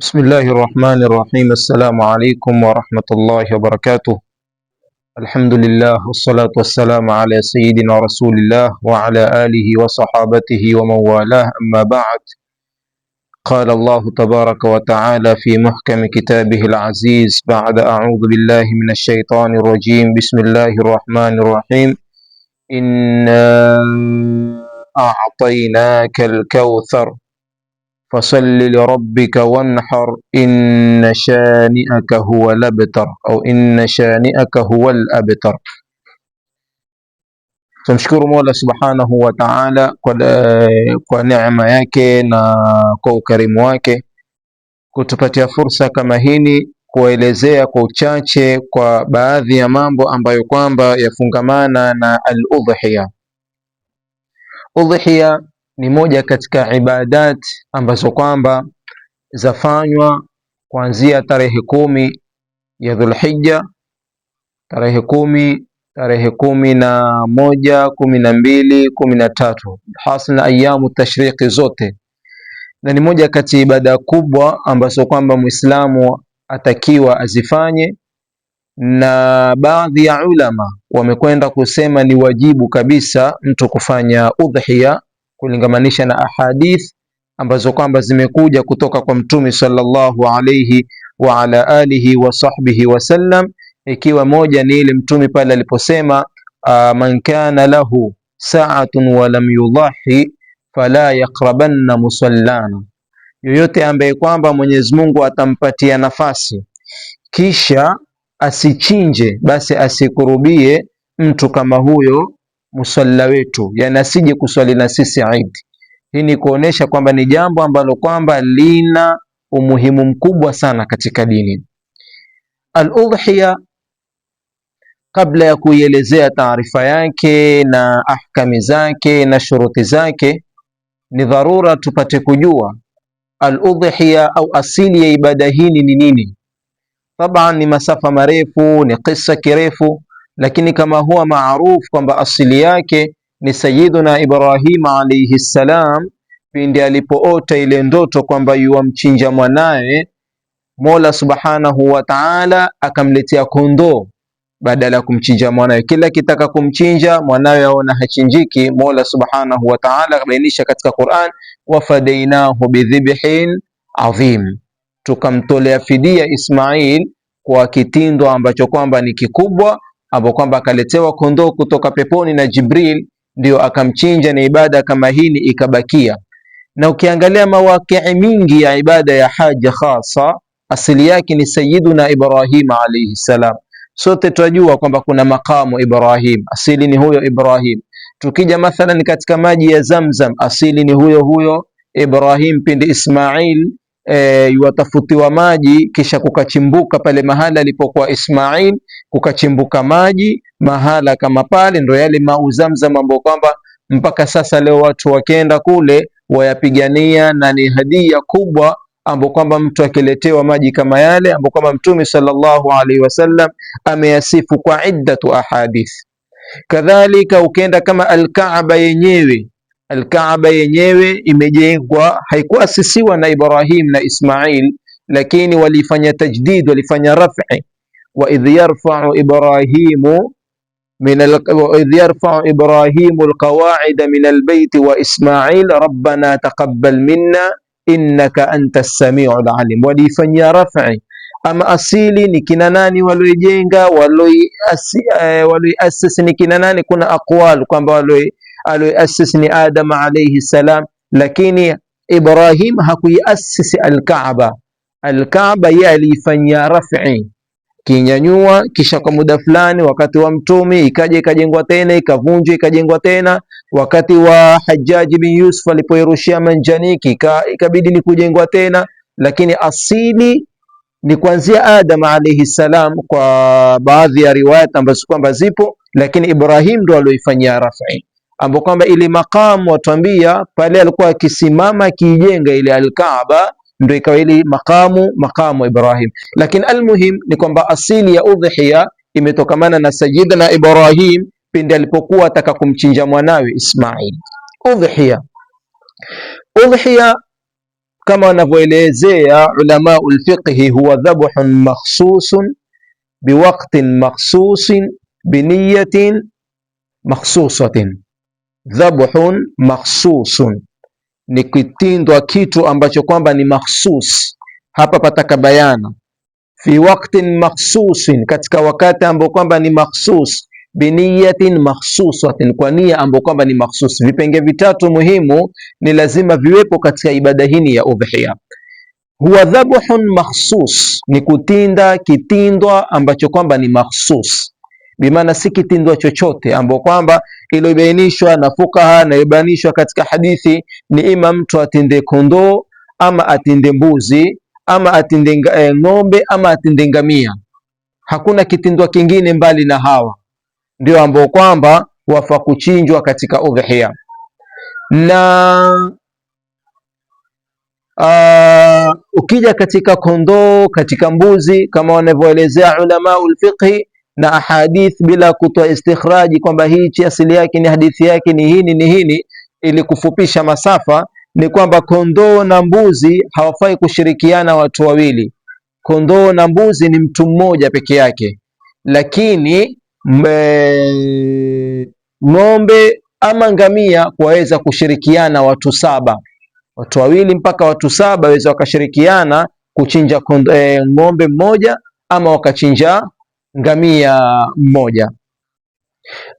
بسم الله الرحمن الرحيم السلام عليكم ورحمة الله وبركاته الحمد لله والصلاة والسلام على سيدنا رسول الله وعلى آله وصحابته ومن والاه أما بعد قال الله تبارك وتعالى في محكم كتابه العزيز بعد أعوذ بالله من الشيطان الرجيم بسم الله الرحمن الرحيم إنا أعطيناك الكوثر فصل لربك وانحر إن شانئك هو الأبتر أو إن شانئك هو الأبتر Tumshukuru Mola Subhanahu wa Ta'ala kwa, kwa neema yake na kwa ukarimu wake kutupatia fursa kama hili kuelezea kwa uchache kwa baadhi ya mambo ambayo kwamba yafungamana na al-udhiya. Udhiya ni moja katika ibadat ambazo kwamba zafanywa kuanzia tarehe kumi ya Dhulhija, tarehe kumi, tarehe kumi na moja, kumi na mbili, kumi na tatu, hasa na ayamu tashriki zote, na ni moja kati ibada kubwa ambazo kwamba Muislamu atakiwa azifanye, na baadhi ya ulama wamekwenda kusema ni wajibu kabisa mtu kufanya udhiya kulingamanisha na ahadith ambazo kwamba zimekuja kutoka kwa Mtume sallallahu alayhi wa ala alihi wa sahbihi wasallam, ikiwa moja ni ile Mtume pale aliposema ah, man kana lahu sa'atun wa lam yudhahi fala yaqrabanna musallana, yoyote ambaye kwamba Mwenyezi Mungu atampatia nafasi kisha asichinje, basi asikurubie mtu kama huyo musalla wetu, yani asije kuswali na sisi Idi. Hii ni kuonesha kwamba ni jambo ambalo kwamba lina umuhimu mkubwa sana katika dini. Al-udhiya, kabla ya kuielezea taarifa yake na ahkami zake na shuruti zake, ni dharura tupate kujua al-udhiya au asili ya ibada hii ni nini. Taban ni masafa marefu, ni kisa kirefu lakini kama huwa maarufu kwamba asili yake ni Sayyiduna Ibrahim alayhi salam, pindi alipoota ile ndoto kwamba yuwamchinja mwanaye, Mola subhanahu wa ta'ala akamletea kondoo badala ya kumchinja mwanawe. Kila kitaka kumchinja mwanawe aona hachinjiki. Mola subhanahu wa ta'ala akabainisha katika Qur'an, wafadainahu bidhibhin adhim, tukamtolea fidia Ismail kwa kitindo ambacho kwamba ni kikubwa ambao kwamba akaletewa kondoo kutoka peponi na Jibril, ndio akamchinja, na ibada kama hili ikabakia. Na ukiangalia mawakii mingi ya ibada ya haja hasa asili yake ni Sayyiduna Ibrahima alayhi salam. Sote twajua kwamba kuna makamu Ibrahim, asili ni huyo Ibrahim. Tukija mathalan katika maji ya Zamzam, asili ni huyo huyo Ibrahim pindi Ismail e, watafutiwa maji, kisha kukachimbuka pale mahala alipokuwa Ismail, kukachimbuka maji mahala kama pale, ndo yale mauzamzam mambo kwamba mpaka sasa leo watu wakenda kule wayapigania, na ni hadia kubwa ambapo kwamba mtu akiletewa maji kama yale ambapo kwamba Mtume sallallahu alaihi wasallam ameyasifu kwa iddatu ahadith. Kadhalika ukenda kama Alkaaba yenyewe Alkaaba yenyewe imejengwa, haikuasisiwa na Ibrahim na Ismail, lakini walifanya tajdid, walifanya raf'i. Wa idh yarfa'u Ibrahimu idh yarfa'u Ibrahimu alqawa'ida min albayti wa Ismail rabbana taqabbal minna innaka anta as-sami'ul alim. Walifanyia raf'i. Ama asili ni kina nani walioijenga, walioiasisi ni kina nani? Kuna aqwal kwamba waloi aliyoasisi ni Adam alayhi salam, lakini Ibrahim hakuiasisi Alkaaba. Alkaaba yeye aliifanyia rafi, kinyanyua, kisha kwa muda fulani, wakati wa Mtume ikaja ikajengwa tena, ikavunjwa, ikajengwa tena. Wakati wa Hajjaji bin Yusuf alipoirushia Manjaniki ikabidi ni kujengwa tena, lakini asili ni kuanzia Adam alayhi salam, kwa baadhi ya riwayat ambazo kwamba zipo, lakini Ibrahim ndo alioifanyia rafi ambapo kwamba ile maqam watuambia pale alikuwa akisimama akiijenga ile Alkaaba ndio ikawa ile maqamu maqamu Ibrahim. Lakini almuhim ni kwamba asili ya udhiya imetokamana na Sayyidina Ibrahim pindi alipokuwa ataka kumchinja mwanawe Ismail. Udhiya, udhiya kama wanavyoelezea ulama ulfiqhi, huwa dhabhun makhsusun biwaqtin makhsusin biniyatin makhsusatin dhabhun makhsusun, ni kitindwa kitu ambacho kwamba ni makhsus. Hapa pataka bayana, fi waqtin makhsusin, katika wakati ambao kwamba ni makhsus, biniyatin makhsusatin, kwa nia ambayo kwamba ni makhsus. Vipenge vitatu muhimu ni lazima viwepo katika ibada hii ya udhiya. Huwa dhabhun makhsus, ni kutinda kitindwa ambacho kwamba ni makhsus bimaana si kitindwa chochote ambao kwamba iliobainishwa na fukaha na ibainishwa katika hadithi ni ima mtu atinde kondoo ama atinde mbuzi ama atinde eh, ng'ombe ama atinde ngamia. Hakuna kitindwa kingine mbali na hawa, ndio ambao kwamba wafa kuchinjwa katika udhihiya na uh, ukija katika kondoo, katika mbuzi kama wanavyoelezea ulamau lfiqhi na ahadith bila kutoa istikhraji kwamba hichi asili yake ni hadithi yake ni hini ni hini, ili kufupisha masafa, ni kwamba kondoo na mbuzi hawafai kushirikiana watu wawili. Kondoo na mbuzi ni mtu mmoja peke yake, lakini ng'ombe ama ngamia waweza kushirikiana watu saba, watu wawili mpaka watu saba waweza wakashirikiana kuchinja eh, ng'ombe mmoja ama wakachinja ngamia mmoja.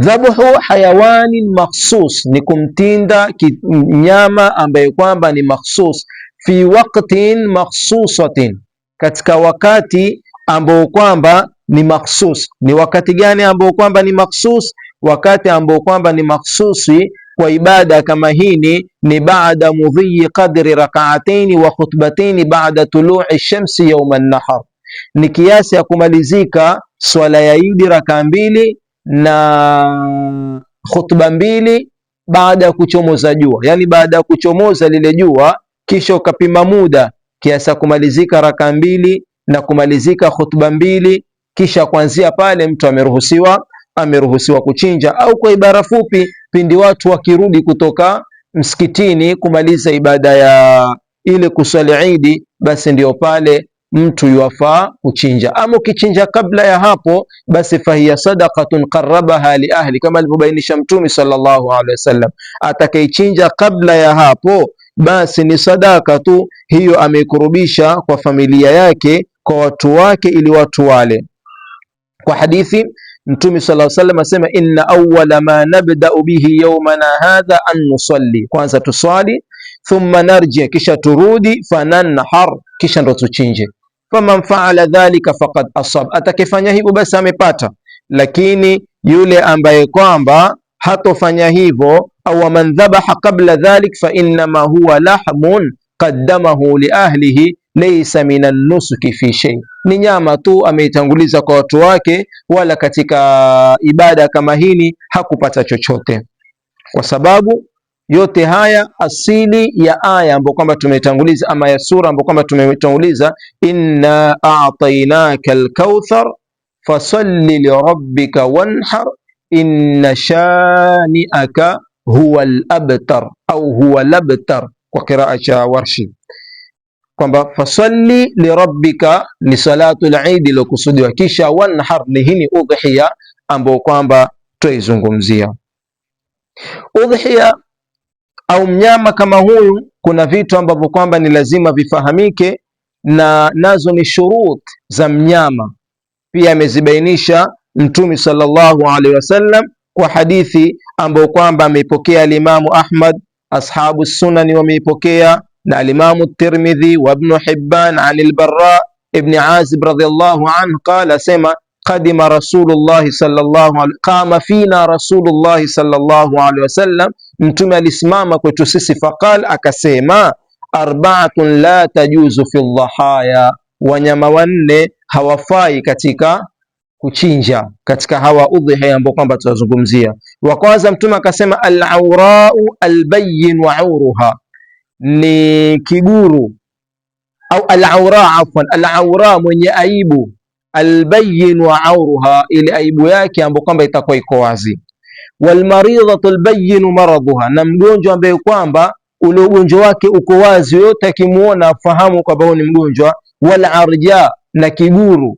Dhabhu hayawani makhsus ni kumtinda mnyama ambaye kwamba ni makhsus, fi waqtin makhsusatin, katika wakati ambao kwamba ni makhsus. Ni wakati gani ambao kwamba ni makhsus? Wakati ambao kwamba ni makhsusi kwa ibada kama hini ni baada mudhiyi qadri rak'ataini wa khutbataini baada tului shamsi yawm an-nahar, ni kiasi ya kumalizika swala ya Idi rakaa mbili na khutba mbili baada ya kuchomoza jua, yani baada ya kuchomoza lile jua, kisha ukapima muda kiasa kumalizika rakaa mbili na kumalizika khutba mbili, kisha kuanzia pale mtu ameruhusiwa ameruhusiwa kuchinja. Au kwa ibara fupi, pindi watu wakirudi kutoka msikitini kumaliza ibada ya ile kuswali Idi, basi ndio pale mtu yuwafaa kuchinja, ama ukichinja kabla ya hapo, basi fahiya sadaqatun qarabaha li ahli, kama alivyobainisha Mtume sallallahu alaihi wasallam. Atakaichinja kabla ya hapo, basi ni sadaka tu hiyo, ameikurubisha kwa familia yake, kwa watu wake, ili watu wale. Kwa hadithi Mtume sallallahu alaihi wasallam asema, inna awwala ma nabda'u bihi yawmana hadha an nusalli, kwanza tuswali, thumma narji, kisha turudi, fananhar, kisha ndo tuchinje faman faala dhalika faqad asab, atakefanya hivyo basi amepata. Lakini yule ambaye kwamba hatofanya hivyo, au waman dhabaha qabla dhalik fa innama huwa lahmun qaddamahu li ahlihi laysa min annusuki fi shay, ni nyama tu ameitanguliza kwa watu wake, wala katika ibada kama hili hakupata chochote, kwa sababu yote haya asili ya aya ambayo kwamba tumetanguliza, ama ya sura ambayo kwamba tumetanguliza, inna a'tainaka al-kauthar fasalli lirabbika wanhar inna shani'aka huwa al-abtar au huwa labtar, kwa qiraa cha Warshi kwamba fasalli lirabbika ni salatu al-eid ilokusudiwa, kisha wanhar ni hini udhiya ambayo kwamba twaizungumzia udhiya au mnyama kama huyu, kuna vitu ambavyo kwamba ni lazima vifahamike, na nazo ni shurut za mnyama. Pia amezibainisha Mtume sallallahu alaihi wasallam kwa hadithi ambayo kwamba ameipokea alimamu Ahmad, ashabu sunani wameipokea na alimamu Tirmidhi wa Ibn Hibban an al-Barra ibn Azib radhiyallahu anhu qala, sema qadima rasulullahi sallallahu alaihi qama fina rasulullahi sallallahu alaihi wasallam, mtume alisimama kwetu sisi. Faqal, akasema arbaatun la tajuzu fi dhahaya, wanyama wanne hawafai katika kuchinja katika hawa udhiha ambao kwamba tutazungumzia. Wa kwanza mtume akasema alaurau wa auruha ni kiguru au alaura, afwan alaura, mwenye aibu wa auruha, ile aibu yake ambayo kwamba itakuwa iko wazi. Walmaridhatu albayinu maraduha, na mgonjwa ambaye kwamba ule ugonjwa wake uko wazi, yote akimuona afahamu kwamba huyu ni mgonjwa. Wal arja, na kiguru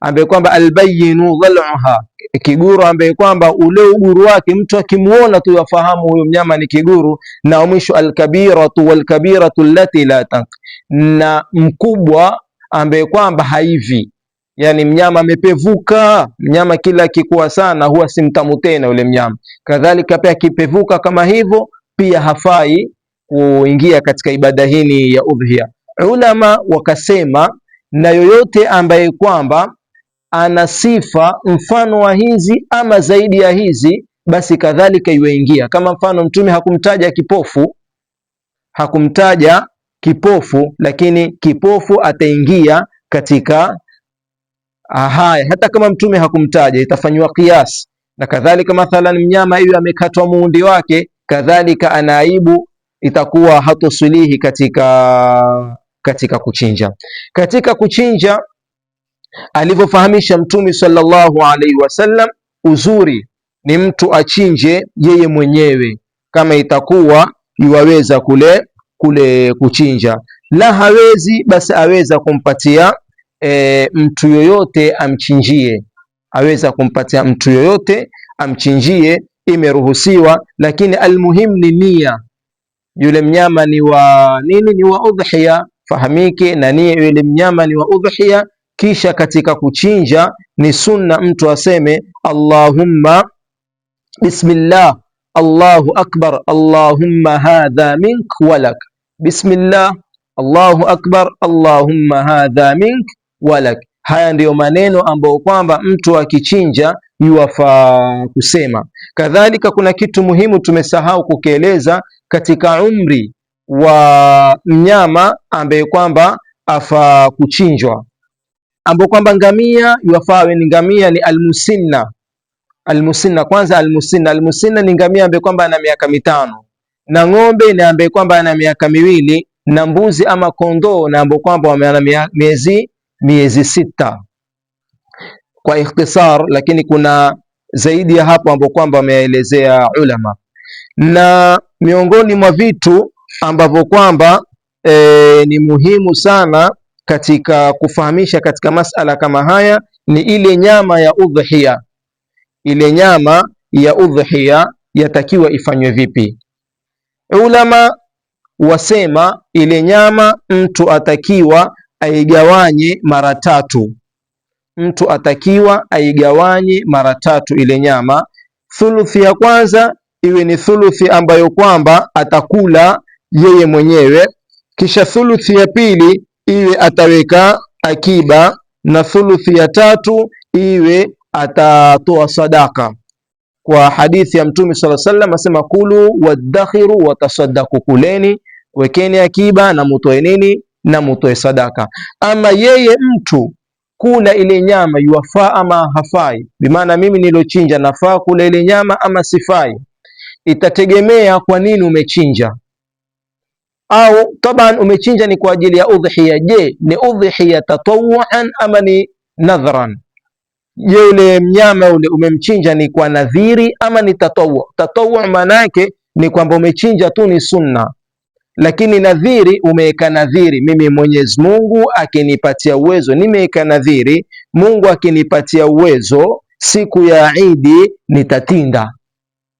ambaye kwamba albayinu dhal'uha, kiguru ambaye kwamba ule uguru wake mtu akimuona tu yafahamu huyo mnyama ni kiguru. Na mwisho alkabiratu walkabiratu lati la tanq, na mkubwa ambaye kwamba haivi Yani mnyama amepevuka. Mnyama kila akikuwa sana huwa si mtamu tena yule mnyama. Kadhalika pia akipevuka kama hivyo, pia hafai kuingia katika ibada hii ya udhiya. Ulama wakasema, na yoyote ambaye kwamba ana sifa mfano wa hizi ama zaidi ya hizi, basi kadhalika iweingia. Kama mfano Mtume hakumtaja kipofu, hakumtaja kipofu, lakini kipofu ataingia katika haya hata kama mtume hakumtaja itafanywa kiasi na kadhalika. Mathalan, mnyama hiyo amekatwa muundi wake, kadhalika aibu, itakuwa hatosulihi katika katika kuchinja. Katika kuchinja alivyofahamisha Mtume sallallahu alaihi wasallam, uzuri ni mtu achinje yeye mwenyewe kama itakuwa iwaweza kule kule kuchinja, la hawezi basi aweza kumpatia e, mtu yoyote amchinjie, aweza kumpatia mtu yoyote amchinjie, imeruhusiwa, lakini almuhimu ni nia. Yule mnyama ni wa nini? Ni wa udhiya, fahamike na nia, yule mnyama ni wa udhiya. Kisha katika kuchinja ni sunna mtu aseme Allahumma bismillah, Allahu akbar, Allahumma hadha mink walak, bismillah, Allahu akbar, Allahumma hadha mink walak. Haya ndiyo maneno ambayo kwamba mtu akichinja yuwafaa kusema. Kadhalika, kuna kitu muhimu tumesahau kukieleza katika umri wa mnyama ambaye kwamba afaa kuchinjwa, ambapo kwamba ngamia yuwafaa ni ngamia ni almusinna. Almusinna kwanza, almusinna almusinna ni ngamia ambaye kwamba ana miaka mitano, na ng'ombe ni ambaye kwamba ana miaka miwili, na mbuzi ama kondoo na ambao kwamba ana miezi miezi sita kwa ikhtisar, lakini kuna zaidi ya hapo ambapo kwamba wameelezea ulama, na miongoni mwa vitu ambavyo kwamba e, ni muhimu sana katika kufahamisha katika masala kama haya ni ile nyama ya udhiya. Ile nyama ya udhiya yatakiwa ifanywe vipi? Ulama wasema ile nyama mtu atakiwa aigawanye mara tatu, mtu atakiwa aigawanye mara tatu ile nyama. Thuluthi ya kwanza iwe ni thuluthi ambayo kwamba atakula yeye mwenyewe, kisha thuluthi ya pili iwe ataweka akiba, na thuluthi ya tatu iwe atatoa sadaka. Kwa hadithi ya Mtume sala salam asema, kulu wadakhiru watasaddaku, kuleni, wekeni akiba na mutoe nini na mutoe sadaka. Ama yeye mtu kula ile nyama yuafaa ama hafai, bimaana mimi nilochinja nafaa kula ile nyama ama sifai, itategemea kwa nini umechinja. Au taban umechinja ni kwa ajili ya udhihiya. Je, ni udhihiya tatawuan ama ni nadhran? Je, ule mnyama ule umemchinja ni kwa nadhiri ama ni tatawu? Tatawu maana yake ni kwamba umechinja tu ni sunna lakini nadhiri umeweka nadhiri, mimi Mwenyezi Mungu akinipatia uwezo nimeweka nadhiri, Mungu akinipatia uwezo siku ya Idi nitatinda.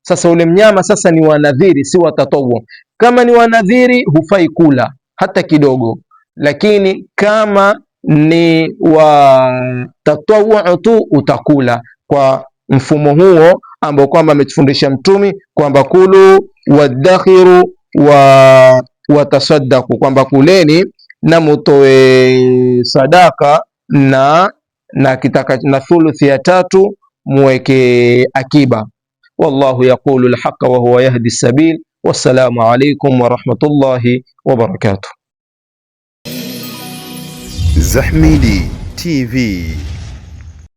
Sasa ule mnyama sasa ni wanadhiri, si watatowo. Kama ni wanadhiri, hufai kula hata kidogo, lakini kama ni tatawu tu utakula kwa mfumo huo ambao kwamba ametufundisha Mtume kwamba kulu wadakhiru wa watasaddaku, kwamba kuleni na mutoe sadaka na na kitaka na thuluthi ya tatu muweke akiba. Wallahu yaqulu alhaqa wa huwa yahdi sabil. Wassalamu alaykum wa rahmatullahi wa barakatuh. Zahmidi TV